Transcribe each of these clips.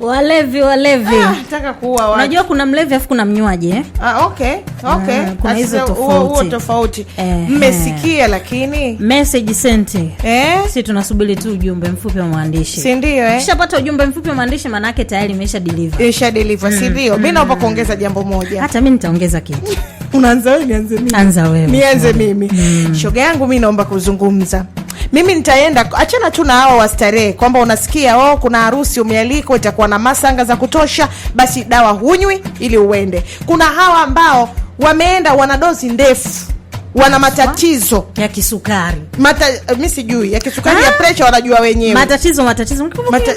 Walevi walevi, ah, nataka kuua watu. Unajua kuna mlevi afu kuna mnywaji eh? Ah, okay, ah, okay. Ah, kuna hizo tofauti. Huo tofauti. Eh, mmesikia lakini message sent. Eh? Sisi tunasubiri tu ujumbe mfupi wa maandishi. Si ndio eh? Ukishapata ujumbe mfupi wa maandishi maana yake tayari imesha deliver. Imesha deliver, si mm, ndio? Mimi mm. naomba kuongeza jambo moja. Hata mimi nitaongeza kitu. Unaanza wewe, nianze mimi. Anza wewe. Nianze mimi. mm. Shoga yangu mimi naomba kuzungumza mimi nitaenda, achana tu na hawa wastarehe, kwamba unasikia oh, kuna harusi umealikwa, itakuwa na masanga za kutosha, basi dawa hunywi ili uende. Kuna hawa ambao wameenda wana dozi ndefu wana matatizo ya kisukari Mata, eh, mi sijui ya kisukari ha? ya ah? presha wanajua wenyewe matatizo matatizo Mata...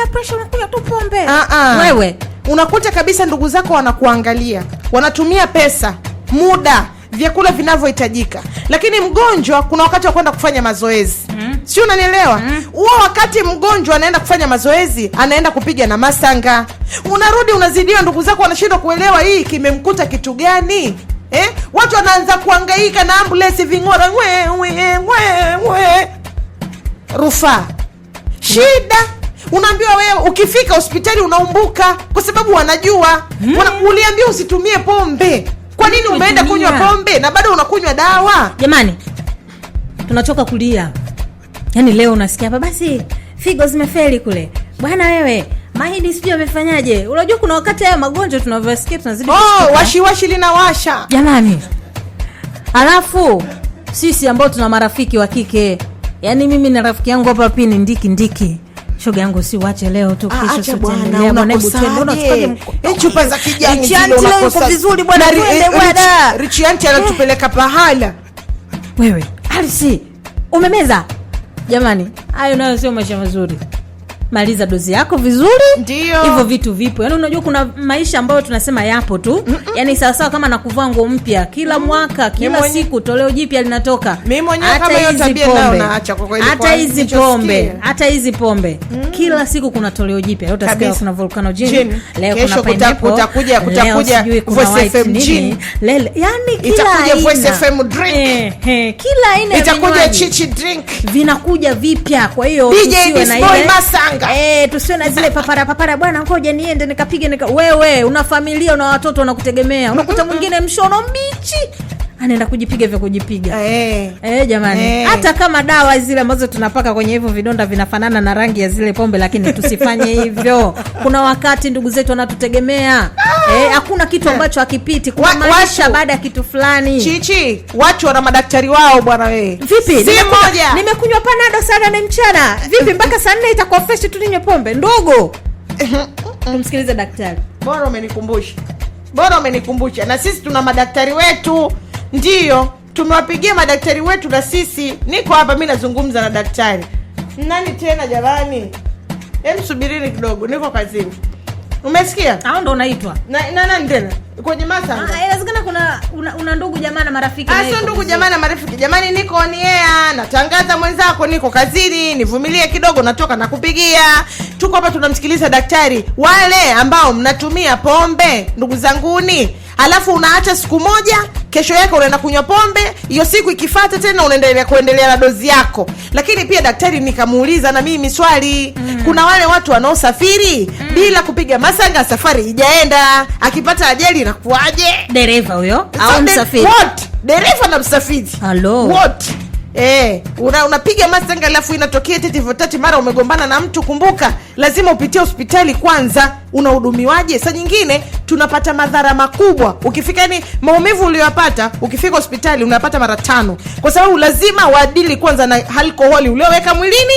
ya presha unakuja tu pombe ah, ah. wewe unakuta kabisa ndugu zako wanakuangalia wanatumia pesa muda vyakula vinavyohitajika, lakini mgonjwa kuna wakati wa kwenda kufanya mazoezi mm. si unanielewa mhm. huo mm. wakati mgonjwa anaenda kufanya mazoezi, anaenda kupiga na masanga, unarudi unazidiwa. Ndugu zako wanashindwa kuelewa hii kimemkuta kitu gani. Eh, watu wanaanza kuangaika na ambulesi ving'ora, we we we we rufaa shida. Unaambiwa wewe ukifika hospitali unaumbuka, kwa sababu wanajua mm. Uliambiwa usitumie pombe kwa nini umeenda kunywa pombe na bado unakunywa dawa? Jamani, tunachoka kulia. Yaani leo unasikia hapa basi figo zimefeli kule. Bwana wewe, mahindi sijui amefanyaje. Unajua kuna wakati haya magonjwa tunavyosikia tunazidi Oh, washiwashi linawasha. Jamani. Alafu sisi ambao tuna marafiki wa kike. Yaani mimi na rafiki yangu hapa ni ndiki ndiki shoga yangu, usiwache leo tu, ah, kesho chupa za eh, kijani vizuri. Bwana Richi anti anatupeleka eh. pahala, wewe alisi umemeza. Jamani, hayo nayo sio maisha mazuri maliza dozi yako vizuri ndio hivyo vitu vipo yaani unajua kuna maisha ambayo tunasema yapo tu Mm-mm. yaani sawasawa kama nakuvaa nguo mpya kila mwaka kila Mimoni... siku toleo jipya linatoka hata hizi pombe hata hizi pombe hata hizi pombe mm. kila siku kuna toleo jipya utasikia kuna volcano gin leo Kesho kuna kutakuja kutakuja lele yani kila itakuja FM drink eh, eh, kila aina itakuja chichi drink vinakuja vipya kwa hiyo DJ na ile waganga eh, tusio na zile papara papara, bwana ngoja niende nikapige nika. Wewe una familia, una watoto wanakutegemea. Unakuta mwingine mshono mbichi anaenda kujipiga vya kujipiga hey. Eh. Eh, hey, jamani hey. Eh. Hata kama dawa zile ambazo tunapaka kwenye hivyo vidonda vinafanana na rangi ya zile pombe, lakini tusifanye hivyo. Kuna wakati ndugu zetu wanatutegemea ah. hakuna hey, kitu ambacho akipiti Kuna maisha baada ya kitu fulani. Chichi, watu wana madaktari wao bwana. Wewe vipi? Si moja nimekunywa panado sana ni mchana, vipi mpaka saa nne itakuwa fresh tu ninywe pombe ndogo? Tumsikilize daktari bora. Umenikumbusha bora, umenikumbusha na sisi tuna madaktari wetu. Ndiyo, tumewapigia madaktari wetu na sisi. Niko hapa mi nazungumza na daktari. Nani tena jamani? Hem, subirini kidogo, niko kazini. Umesikia? Hao ndo unaitwa. Na, na nani tena? Kwenye masa. Ah, inawezekana kuna una, una ndugu jamaa na marafiki ah, na. Sio ndugu jamaa na marafiki. Jamani niko on air, natangaza mwenzako niko kazini, nivumilie kidogo natoka nakupigia. Tuko hapa tunamsikiliza daktari. Wale ambao mnatumia pombe, ndugu zanguni, alafu unaacha siku moja, kesho yake unaenda kunywa pombe, hiyo siku ikifata tena unaendelea kuendelea na dozi yako. Lakini pia daktari nikamuuliza na mimi swali mm. kuna wale watu wanaosafiri mm. bila kupiga masanga, safari ijaenda, akipata ajali inakuwaje? Dereva huyo au msafiri? dereva na msafiri? Eh, una, unapiga mastanga alafu inatokea tete tete, mara umegombana na mtu. Kumbuka lazima upitie hospitali kwanza. Unahudumiwaje? Saa nyingine tunapata madhara makubwa, ukifika ni maumivu uliyopata ukifika hospitali unapata mara tano, kwa sababu lazima waadili kwanza na alkoholi ulioweka mwilini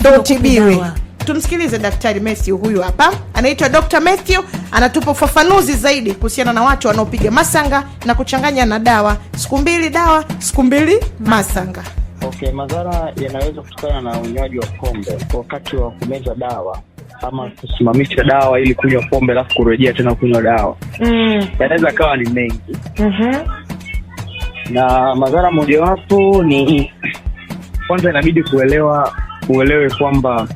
ndo utibiwe. Tumsikilize Daktari Matthew huyu hapa, anaitwa Dr. Matthew, anatupa ufafanuzi zaidi kuhusiana na watu wanaopiga masanga na kuchanganya na dawa. Siku mbili dawa, siku mbili masanga. Okay, madhara yanaweza kutokana na unywaji wa pombe wakati wa kumeza dawa ama mm. kusimamisha dawa ili kunywa pombe alafu kurejea tena kunywa dawa mm. yanaweza kawa ni mengi mm-hmm. na madhara mojawapo ni kwanza, inabidi kuelewa uelewe kwamba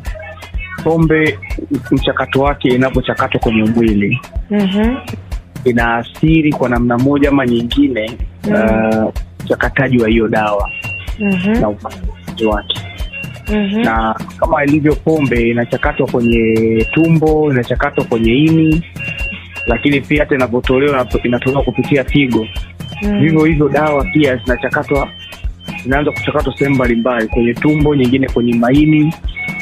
pombe mchakato wake inapochakatwa kwenye mwili mm-hmm. inaathiri kwa namna moja ama nyingine mm. uh, mchakataji wa hiyo dawa mm-hmm. na ufanisi wake mm-hmm. na kama ilivyo pombe inachakatwa kwenye tumbo inachakatwa kwenye ini lakini pia hata inavyotolewa inatolewa kupitia figo mm. vivyo hivyo dawa pia zinachakatwa zinaanza kuchakatwa sehemu mbalimbali kwenye tumbo nyingine kwenye maini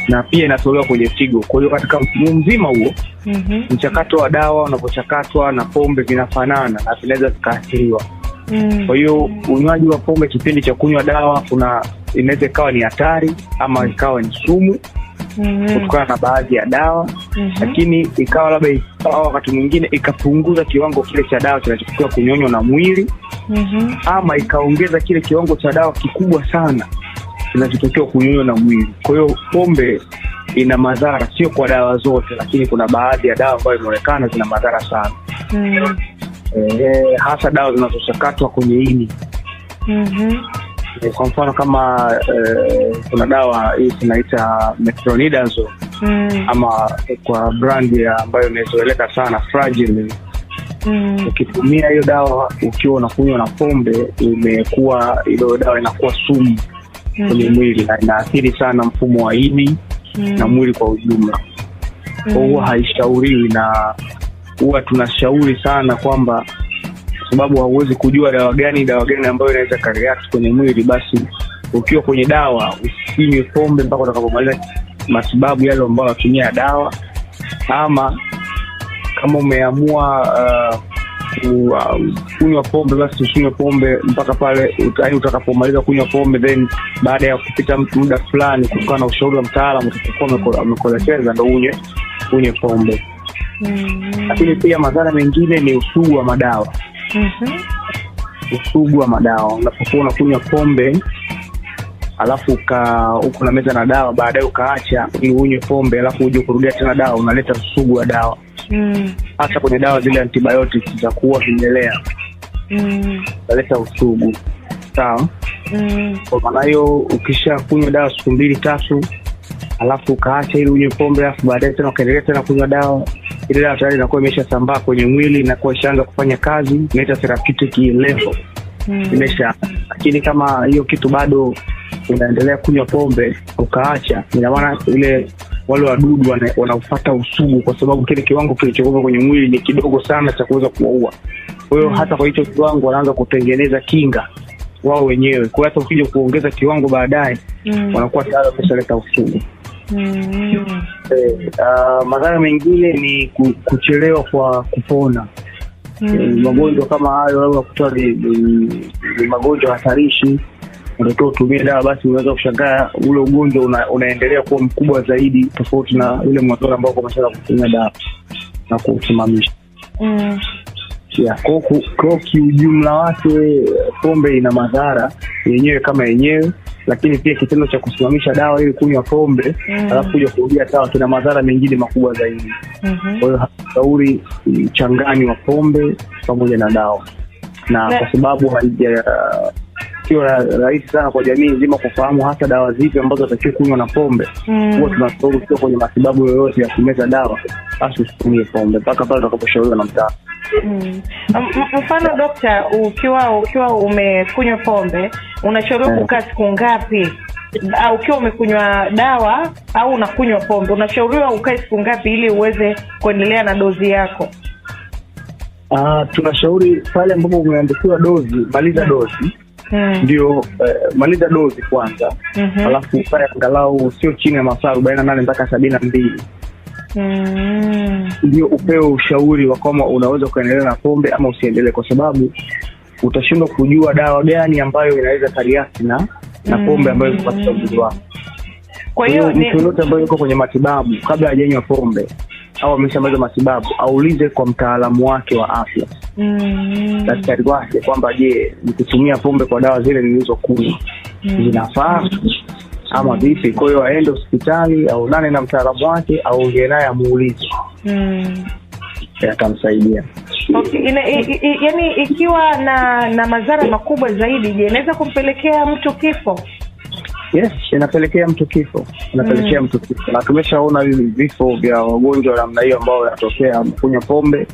na pia inatolewa kwenye figo kwa hiyo katika mfumo mzima huo mm-hmm. mchakato wa dawa unavyochakatwa na pombe vinafanana na vinaweza vikaathiriwa Mm. Kwa hiyo unywaji wa pombe kipindi cha kunywa dawa kuna inaweza ikawa ni hatari ama mm. ikawa ni sumu Mm-hmm. kutokana na baadhi ya dawa mm-hmm. Lakini ikawa labda ikawa wakati mwingine ikapunguza kiwango kile cha dawa kinachotakiwa kunyonywa na mwili mm-hmm. ama ikaongeza kile kiwango cha dawa kikubwa sana kinachotakiwa kunyonywa na mwili. Kwa hiyo pombe ina madhara, sio kwa dawa zote, lakini kuna baadhi ya dawa ambayo imeonekana zina madhara sana mm e, hasa dawa zinazosakatwa kwenye ini mm-hmm. e, kwa mfano kama e, kuna dawa hii tunaita metronidazo mm. ama kwa brandi ambayo imezoeleka sana Fragile mm. ukitumia hiyo dawa ukiwa unakunywa na pombe, imekuwa ilo dawa inakuwa sumu mm. kwenye mhm. mwili na inaathiri sana mfumo wa ini mm. na mwili kwa ujumla. Kwa mm. huwa haishauriwi na huwa tunashauri sana kwamba sababu hauwezi kujua dawa gani dawa gani ambayo inaweza kareact kwenye mwili, basi ukiwa kwenye dawa usinywe pombe mpaka utakapomaliza matibabu yale ambayo anatumia dawa, ama kama umeamua uh, uh, kunywa pombe basi usinywe pombe mpaka pale yaani utakapomaliza kunywa pombe, then baada ya kupita muda fulani, kutokana na ushauri wa mtaalam utakuwa amekuelekeza ndo unywe unywe pombe. Mm-hmm. lakini mm -hmm. pia madhara mengine ni usugu wa madawa mm -hmm. usugu wa madawa unapokuwa unakunywa pombe alafu uka uko na meza na dawa baadaye ukaacha ili unywe pombe alafu uje kurudia tena dawa unaleta usugu wa dawa mm-hmm. hasa kwenye dawa zile antibiotics za kuua vimelea mm. unaleta usugu sawa mm. kwa maana hiyo ukisha kunywa dawa siku mbili tatu alafu ukaacha ili unywe pombe alafu baadaye tena ukaendelea tena kunywa dawa ile dawa tayari inakuwa imeshasambaa kwenye mwili, inakuwa ishaanza kufanya kazi, inaita therapeutic level mm. imesha. Lakini kama hiyo kitu bado unaendelea kunywa pombe ukaacha, ina maana ile wale wadudu wanaofata usugu, kwa sababu kile kiwango kilichokuwa kwenye mwili ni kidogo sana cha kuweza kuwaua. Kwa hiyo mm. hata kwa hicho kiwango wanaanza kutengeneza kinga wao wenyewe, kwa hiyo hata ukija kuongeza kiwango baadaye mm. wanakuwa tayari wameshaleta usugu. Mm. E, uh, madhara mengine ni kuchelewa kwa kupona. Mm. E, magonjwa kama hayo labda kutoa ni magonjwa hatarishi, unatakiwa utumie dawa, basi unaweza kushangaa ule ugonjwa una, unaendelea kuwa mkubwa zaidi, tofauti na ule mwanzo ambao kwa mashaka kutumia dawa na kusimamisha mm. Mm-hmm. Yeah, kwa kiujumla wake pombe ina madhara yenyewe kama yenyewe lakini pia kitendo cha kusimamisha dawa ili kunywa pombe mm. alafu kuja kurudia sawa kina madhara mengine makubwa zaidi. Mm-hmm. Kwa hiyo hatushauri mchangani wa pombe pamoja na dawa, na kwa sababu haija sio rahisi sana kwa jamii nzima kufahamu hasa dawa zipi ambazo atakiwa kunywa na pombe. Mm. Huwa tunashauri ukiwa kwenye matibabu yoyote ya kumeza dawa, basi usitumie pombe mpaka pale utakaposhauriwa na mtaa Mm. Mfano dokta, ukiwa ukiwa umekunywa pombe unashauriwa yeah. Mm. kukaa siku ngapi? Au ukiwa umekunywa dawa au unakunywa pombe unashauriwa ukae siku ngapi ili uweze kuendelea na dozi yako? Uh, tunashauri pale ambapo umeandikiwa dozi, maliza mm. dozi mm. ndio mm. Uh, maliza dozi kwanza mm -hmm. Alafu ukae angalau sio chini ya masaa arobaini na nane mpaka sabini na mbili Mm-hmm. ndio mm. upewe ushauri wa kwamba unaweza ukaendelea na pombe ama usiendelee, kwa sababu utashindwa kujua dawa gani ambayo inaweza kariasi na na pombe ambayo iko katika mm-hmm. mwili wako. Kwa hiyo mtu yoyote ambaye yuko kwenye matibabu, kabla hajanywa pombe au ameshamaliza matibabu, aulize kwa mtaalamu wake wa afya, mm-hmm. daktari wake, kwamba je, nikitumia pombe kwa dawa zile nilizokunywa zinafaa? ama vipi. Kwa hiyo aende hospitali aonane na mtaalamu wake, aongee naye, amuulize mm. atamsaidia. Okay. ikiwa na na madhara makubwa zaidi, je, inaweza kumpelekea mtu kifo? Yes, inapelekea mtu kifo, inapelekea mm. mtu kifo, na tumeshaona vifo vya wagonjwa namna hiyo ambao wanatokea, amekunywa pombe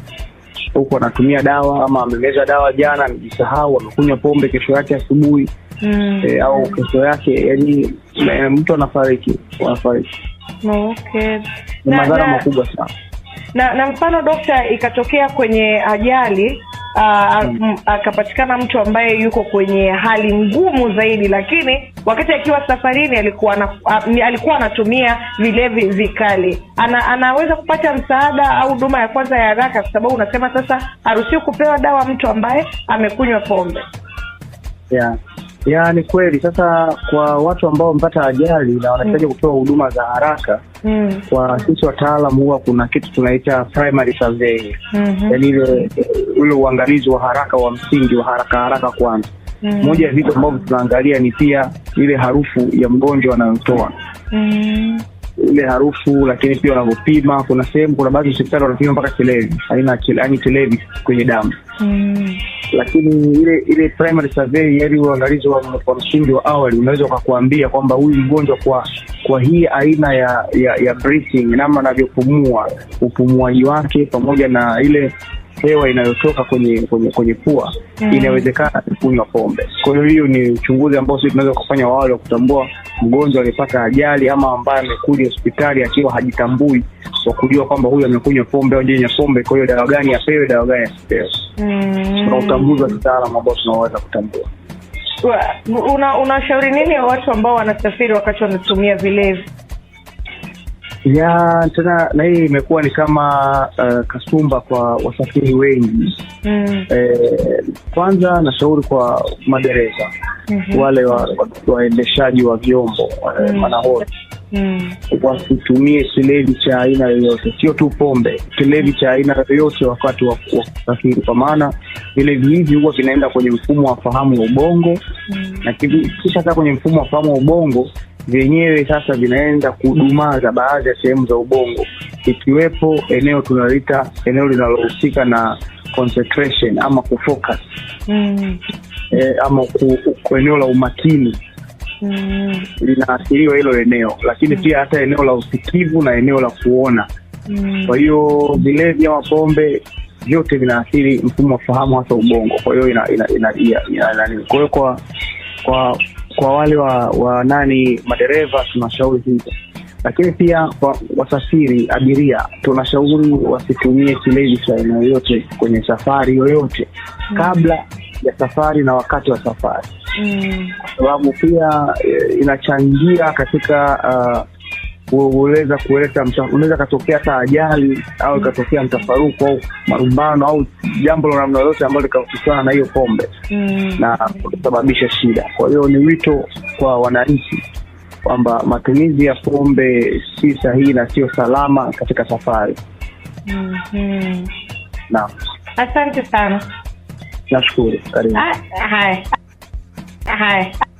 huku anatumia dawa ama amemeza dawa jana, amejisahau, amekunywa pombe, kesho yake asubuhi mm. eh, au kesho yake, yani eh, mtu anafariki anafariki. Okay, ni madhara makubwa sana na na mfano dokta, ikatokea kwenye ajali mm. akapatikana mtu ambaye yuko kwenye hali ngumu zaidi, lakini wakati akiwa safarini alikuwa na, a, alikuwa anatumia vilevi vikali, ana, anaweza kupata msaada au huduma ya kwanza ya haraka? Kwa sababu unasema sasa haruhusiwi kupewa dawa mtu ambaye amekunywa pombe. Yeah. Ya, ni kweli. Sasa kwa watu ambao wamepata ajali na wanahitaji mm. kupewa huduma za haraka mm. kwa sisi wataalam huwa kuna kitu tunaita primary survey mm -hmm. yaani ile ule uangalizi wa haraka wa msingi wa haraka haraka kwanza. Mm. Moja ya vitu ambavyo tunaangalia ni pia ile harufu ya mgonjwa anayotoa mm. ile harufu, lakini pia wanavyopima. Kuna sehemu, kuna baadhi hospitali wanapima mpaka kilevi, aina kilevi kwenye damu mm lakini ile ile primary survey, yaani uangalizi wa msingi wa awali, unaweza ukakuambia kwamba huyu mgonjwa kwa kwa hii aina ya ya, ya breathing, namna anavyopumua, upumuaji wake pamoja na ile hewa inayotoka kwenye kwenye, kwenye pua mm. inawezekana kunywa pombe. Kwa hiyo hiyo ni uchunguzi ambao sisi tunaweza kufanya wale wa kutambua mgonjwa alipata ajali ama ambaye amekuja hospitali akiwa hajitambui, kwa kujua kwamba huyu amekunywa pombe au jenywa pombe, kwa hiyo dawa gani apewe, dawa gani asipewe. Mm. Tuna utambuzi wa kitaalamu ambao tunaweza kutambua. Unashauri una nini watu ambao wanasafiri wakati wanatumia vilevi? ya tena na hii imekuwa ni kama uh, kasumba kwa wasafiri wengi mm. E, kwanza nashauri kwa madereva mm -hmm. wale waendeshaji wa, wa, wa vyombo eh, mm. Hmm. wasitumie kilevi cha aina yoyote, sio tu pombe, kilevi cha aina yoyote wakati wa kusafiri, kwa maana vilevi hivi huwa vinaenda kwenye mfumo wa fahamu wa ubongo hmm. na kisha kaa kwenye mfumo wa fahamu wa ubongo vyenyewe sasa vinaenda kudumaza baadhi ya sehemu za ubongo, ikiwepo eneo tunaloita eneo linalohusika na concentration ama kufocus mm. E, ama ku, ku eneo la umakini mm. linaathiriwa hilo eneo, lakini mm. pia hata eneo la usikivu na eneo la kuona mm. Kwa hiyo vilevi ama pombe vyote vinaathiri mfumo wa fahamu hasa ubongo. Kwa hiyo kwa hiyo kwa kwa kwa wale wa, wa nani madereva tunashauri hizo lakini pia kwa wasafiri abiria tunashauri wasitumie kilevi cha aina yoyote kwenye safari yoyote mm. kabla ya safari na wakati wa safari mm. kwa mm. sababu pia e, inachangia katika uh, unaweza kuleta unaweza katokea hata ajali au ikatokea mtafaruku au marumbano au jambo la namna yoyote ambalo likahusiana na hiyo pombe mm. na kusababisha shida. Kwa hiyo ni wito kwa wananchi kwamba matumizi ya pombe si sahihi na sio salama katika safari. mm -hmm. Naam, asante sana, nashukuru. Karibu. Ah, haya.